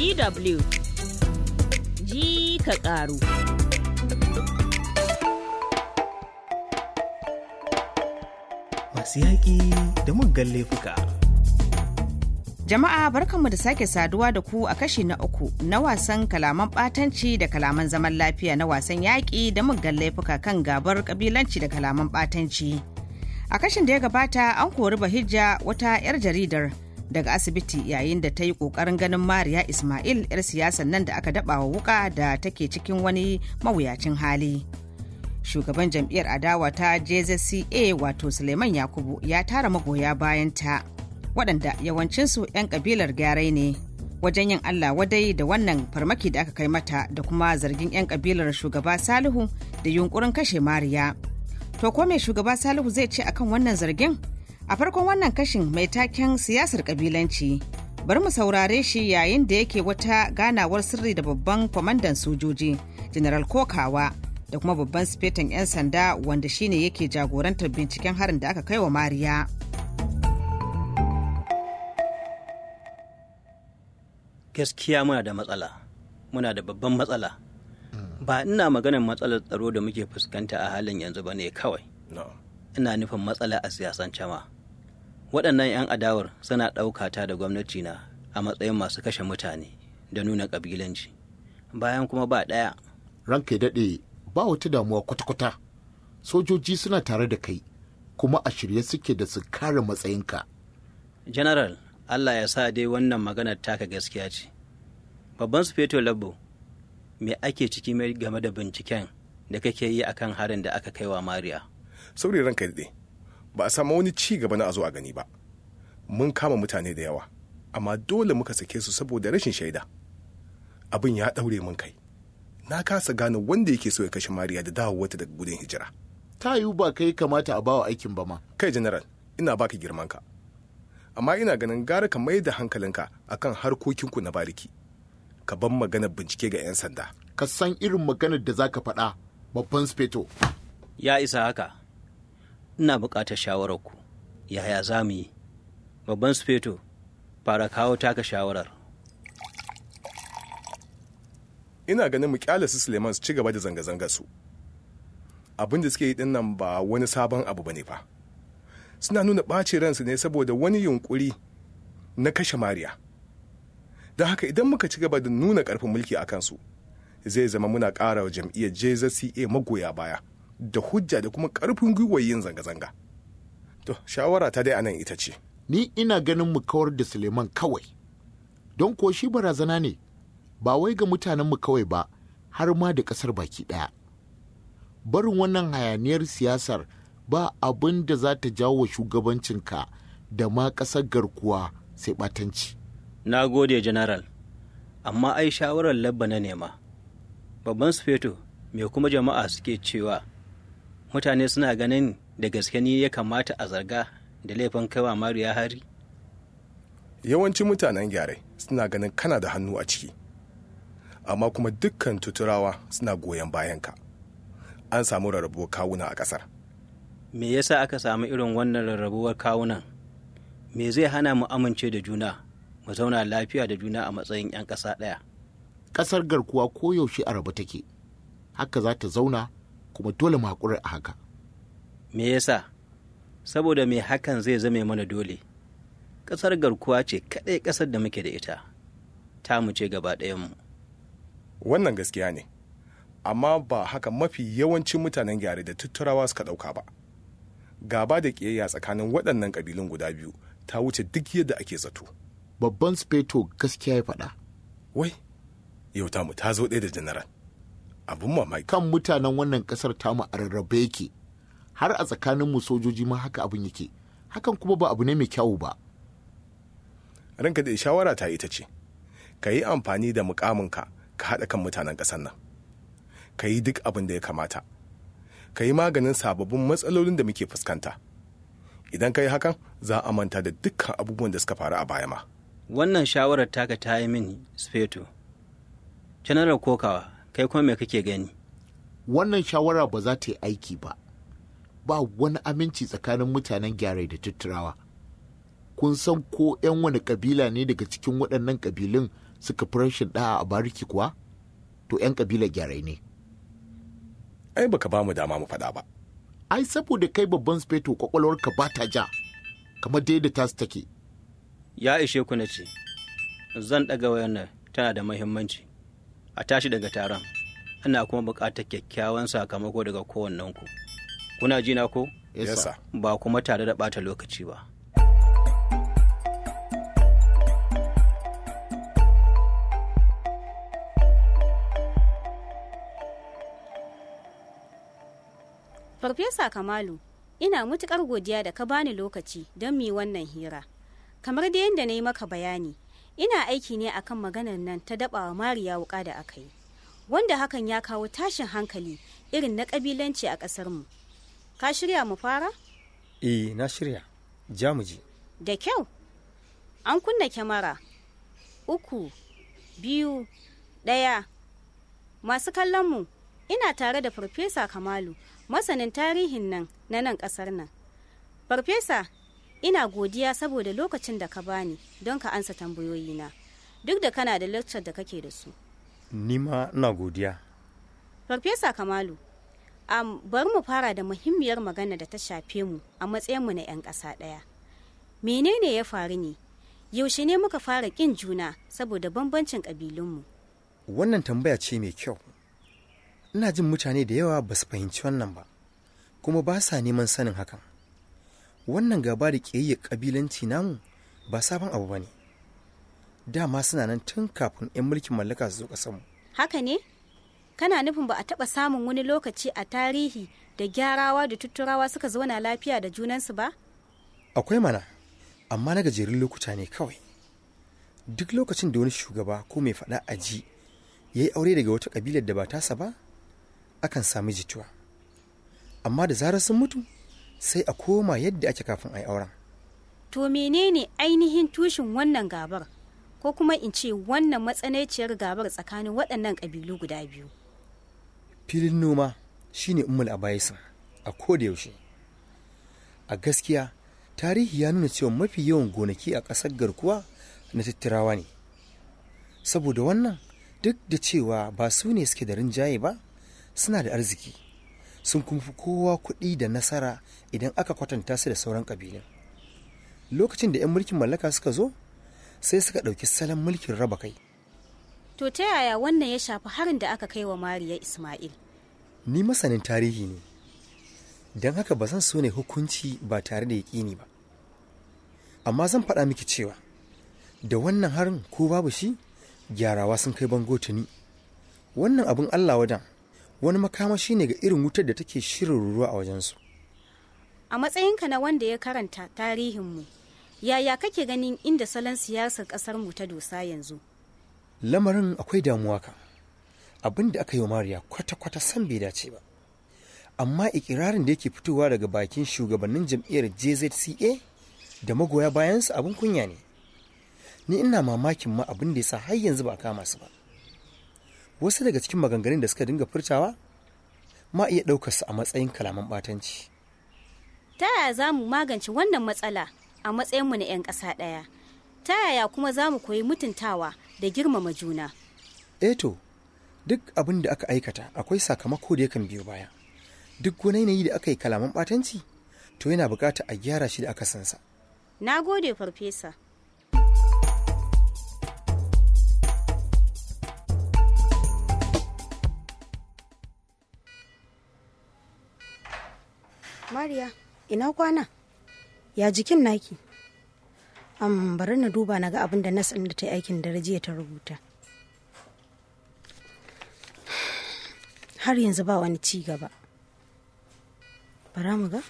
DW ji ka ƙaru. Masu yaƙi da muggan laifuka. Jama'a barkanmu da sake saduwa da ku a kashi na uku na wasan kalaman ɓatanci da kalaman zaman lafiya na wasan yaƙi da muggan laifuka kan gabar ƙabilanci da kalaman ɓatanci. A kashin da ya gabata an kori Bahijja wata 'yar jaridar daga asibiti yayin da ta yi kokarin ganin mariya ismail 'yar siyasan nan da aka daba wa wuka da take cikin wani mawuyacin hali shugaban jam'iyyar adawa ta jzca wato suleiman yakubu ya tara magoya bayan ta waɗanda yawancinsu 'yan ƙabilar gyarai ne wajen yin allah wadai da wannan farmaki da aka kai mata da kuma zargin 'yan ƙabilar shugaba salihu da yunkurin kashe mariya to ko mai shugaba salihu zai ce akan wannan zargin A farkon wannan kashin mai taken siyasar kabilanci bari mu saurare shi yayin da yake wata ganawar sirri da babban kwamandan sojoji general kokawa da kuma babban sifetan 'yan sanda wanda shine yake jagorantar binciken harin da aka kai wa mariya gaskiya muna da matsala muna da babban matsala ba ina maganar matsalar tsaro da muke fuskanta a halin yanzu ba ne kawai ina nufin matsala a siyasan cama. waɗannan 'yan adawar suna ɗauka ta da gwamnati na a matsayin masu kashe mutane da nuna ƙabilanci bayan kuma ba ɗaya ranka daɗe ba wata damuwa kwata-kwata sojoji suna tare da kai kuma a shirye suke da su kare matsayinka general allah ya sa dai wannan maganar taka gaskiya ce babban sufeto labo me ake ciki mai game da binciken da kake yi akan harin da aka kai wa mariya ranka daɗe ba a samu wani ci gaba na a zo a gani ba mun kama mutane da yawa amma dole muka sake su saboda rashin shaida abin ya ɗaure mun kai na kasa gane wanda yake so ya kashe mariya da dawowarta daga gudun hijira ta yiwu ba kai kamata a bawa aikin ba ma kai general ina baka girmanka amma ina ganin gara ka mai da hankalinka akan harkokinku na bariki ka ban maganar bincike ga 'yan sanda ka san irin maganar da za ka faɗa babban speto ya isa haka ina buƙatar ku yaya za mu yi babban sufeto fara kawo taka shawarar ina ganin mu kyale su suleiman su ci gaba da zanga-zanga su abin da suke yi dinnan ba wani sabon abu bane fa suna nuna ɓaci ransu ne saboda wani yunƙuri na kashe mariya da haka idan muka ci gaba da nuna ƙarfin mulki a kansu zai zama muna ƙara wa jam'iyyar jzca magoya baya da hujja da kuma ƙarfin gwiwa yin zanga-zanga to shawara ta dai anan ita ce ni ina ganin mu kawar da suleiman kawai don ko shi barazana ne ba wai ga mutanen mu kawai ba har ma da ƙasar baki ɗaya. barin wannan hayaniyar siyasar ba abin da za ta jawo shugabancinka da ma ƙasar garkuwa sai ɓatanci. Na gode, General, amma ai shawarar labba na nema. Babban Sufeto, me kuma jama'a suke cewa mutane suna ganin da gaske ni ya kamata a zarga da laifin kaiwa mariya hari yawancin mutanen gyarai suna ganin kana da hannu a ciki amma kuma dukkan tuturawa suna goyon bayanka an samu rarrabuwar kawuna a ƙasar me yasa aka samu irin wannan rarrabuwar kawunan me zai hana mu amince da juna mu zauna lafiya da juna a matsayin 'yan ƙasa ɗaya ƙasar garkuwa koyaushe a rabu take haka za ta zauna kuma dole mu haƙura a haka me yasa saboda me hakan zai zame mana dole ƙasar garkuwa ce kaɗai ƙasar da muke da ita ta mu ce gaba ɗayanmu wannan gaskiya ne amma ba haka mafi yawancin mutanen gyare da tutturawa suka ɗauka ba gaba da ƙiyayya tsakanin waɗannan ƙabilun guda biyu ta wuce duk yadda ake zato babban speto gaskiya ya faɗa wai yau mu ta zo ɗaya da janaral Abin mamaki kan mutanen wannan kasar tamu a rarrabe yake har a tsakanin mu sojoji ma haka abin yake hakan kuma ba abu ne mai kyau ba ranka da shawara ta ita ce ka yi amfani da mukaminka ka haɗa kan mutanen ƙasar nan ka yi duk abin da ya kamata ka yi maganin sababbin matsalolin da muke fuskanta idan ka yi hakan za a manta da dukkan abubuwan da suka faru a baya ma wannan shawarar taka ta yi mini sufeto, general kokawa kai kuma me kake gani wannan shawara ba za ta yi aiki ba ba wani aminci tsakanin mutanen gyarai da tutturawa kun san ko 'yan wani kabila ne daga cikin waɗannan kabilun suka fi rashin ɗa'a a bariki kuwa to 'yan kabila gyarai ne ai baka ba mu dama mu faɗa ba ai saboda kai babban speto ka ba ta ja kamar dai da tasu take ya ishe ku na ce zan ɗaga wayan tana da muhimmanci a tashi daga taron ana kuma buƙatar kyakkyawan sakamako daga kowannenku kuna jina ko ba kuma tare da ɓata lokaci ba farfesa kamalu ina matuƙar godiya da ka bani lokaci don mi wannan hira kamar dai yadda na yi maka bayani ina aiki ne akan maganar nan ta dabawa mariya wuka da aka yi wanda hakan ya kawo tashin hankali irin na kabilanci a mu ka shirya mu fara eh na shirya jamuji da kyau an kunna kyamara uku biyu ɗaya masu kallon mu ina tare da farfesa kamalu masanin tarihin nan na nan ƙasar nan farfesa ina godiya saboda lokacin da ka bani don ka ansa tambayoyina duk da kana da lecture da kake da su ni ma ina godiya farfesa kamalu um, bari mu fara da muhimmiyar magana da ta shafe mu a matsayin mu na 'yan ƙasa ɗaya menene ya faru ne yaushe ne muka fara ƙin juna saboda bambancin ƙabilunmu wannan tambaya ce mai kyau ina jin mutane da yawa ba su fahimci wannan ba kuma ba sa neman sanin hakan wannan gaba da ƙiyayyar ƙabilanci namu ba sabon abu ba ne dama suna nan tun kafin 'yan mulkin mallaka su zo ƙasarmu haka ne kana nufin ba a taɓa samun wani lokaci a tarihi da gyarawa da tutturawa suka zauna lafiya da junansu ba akwai mana amma na gajerun lokuta ne kawai duk lokacin da wani shugaba ko mai faɗa a ji ya yi aure daga wata ƙabilar da ba tasa ba akan sami jituwa amma da zarar sun mutu sai a koma yadda ake kafin a yi auren to menene ainihin tushen wannan gabar ko kuma in ce wannan matsananciyar gabar tsakanin waɗannan ƙabilu guda biyu filin noma shine ummul abaisin a ko da yaushe a gaskiya tarihi ya nuna cewa mafi yawan gonaki a ƙasar garkuwa na tattirawa ne saboda wannan duk da cewa ba su ne suke da rinjaye ba suna da arziki sun kuma kowa kuɗi da nasara idan aka kwatanta su da sauran ƙabilun lokacin da 'yan mulkin mallaka suka zo sai suka ɗauki salon mulkin raba kai to ta yaya wannan ya shafi harin da aka kai wa mariya ismail ni masanin tarihi ne don haka ba zan so ne hukunci ba tare da yaƙini ba amma zan faɗa miki cewa da wannan harin ko babu shi gyarawa sun kai bango tuni wannan abin allah wadan wani makamashi ne ga irin wutar da take shirin ruruwa a wajensu a matsayinka na wanda ya karanta tarihinmu yaya kake ganin inda salon siyasar ƙasarmu ta dosa yanzu lamarin akwai damuwa ka abin da aka yi wa mariya kwata-kwata san bai dace ba amma ikirarin da yake fitowa daga bakin shugabannin jam'iyyar jzca da magoya bayansu abin kunya ne ni ina mamakin ma abin da ya sa har yanzu ba kama su ba wasu daga cikin maganganun da suka dinga furtawa ma iya ɗaukar su a matsayin kalaman ɓatanci ta yaya za mu magance wannan matsala a matsayinmu na 'yan ƙasa ɗaya ta yaya kuma za mu koyi mutuntawa da girmama juna eto eh duk abin da aka aikata akwai sakamako da yakan biyo baya duk wani yanayi da aka yi kalaman ɓatanci to yana bukata a gyara shi da aka sansa na gode farfesa mariya ina kwana ya jikin naki am bari na duba na ga abin da nas da ta aikin dare jiya ta rubuta har yanzu ba wani ci gaba bara mu ga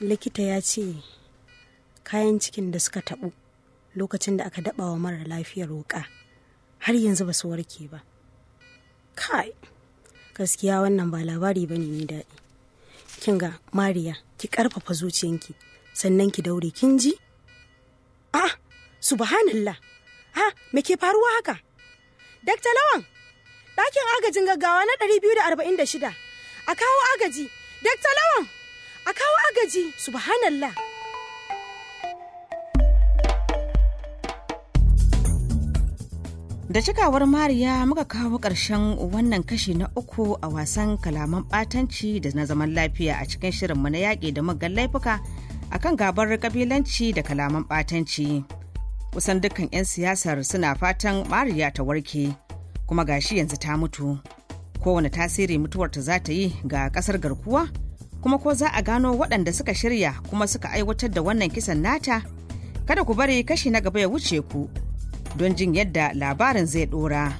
likita ya ce kayan cikin da suka taɓu lokacin da aka daɓa wa mara lafiyar wuƙa har yanzu ba su warke ba kai gaskiya wannan ba labari ba ne mai daɗi kin ga mariya ki karfafa zuciyanki sannan ki daure kin ji ah subhanallah ha me ke faruwa haka dr lawan ɗakin agajin gaggawa na 246 a kawo agaji dr lawan a kawo agaji subhanallah Da cikawar Mariya muka kawo ƙarshen wannan kashi na uku a wasan kalaman ɓatanci da na zaman lafiya a cikin shirinmu na yaƙi da muggan laifuka a kan gabar kabilanci da kalaman ɓatanci. Kusan dukkan 'yan siyasar suna fatan Mariya ta warke, kuma gashi yanzu ta mutu. Kowane tasiri mutuwarta za ta yi ga ƙasar garkuwa, kuma ko za a gano waɗanda suka shirya kuma suka aiwatar da wannan kisan nata? Kada ku bari kashi na gaba ya wuce ku. don jin yadda labarin zai dora.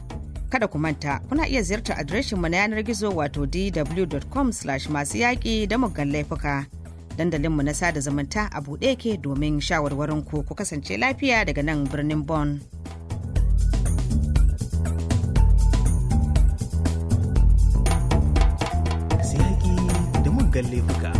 Kada ku manta kuna iya ziyartar adireshinmu na yanar gizo wato dw.com masu yaƙi da muggan laifuka. Dandalinmu na sada zumunta a buɗe ke domin shawarwarin ku ku kasance lafiya daga nan birnin Bon. Masu yaƙi da muggan laifuka.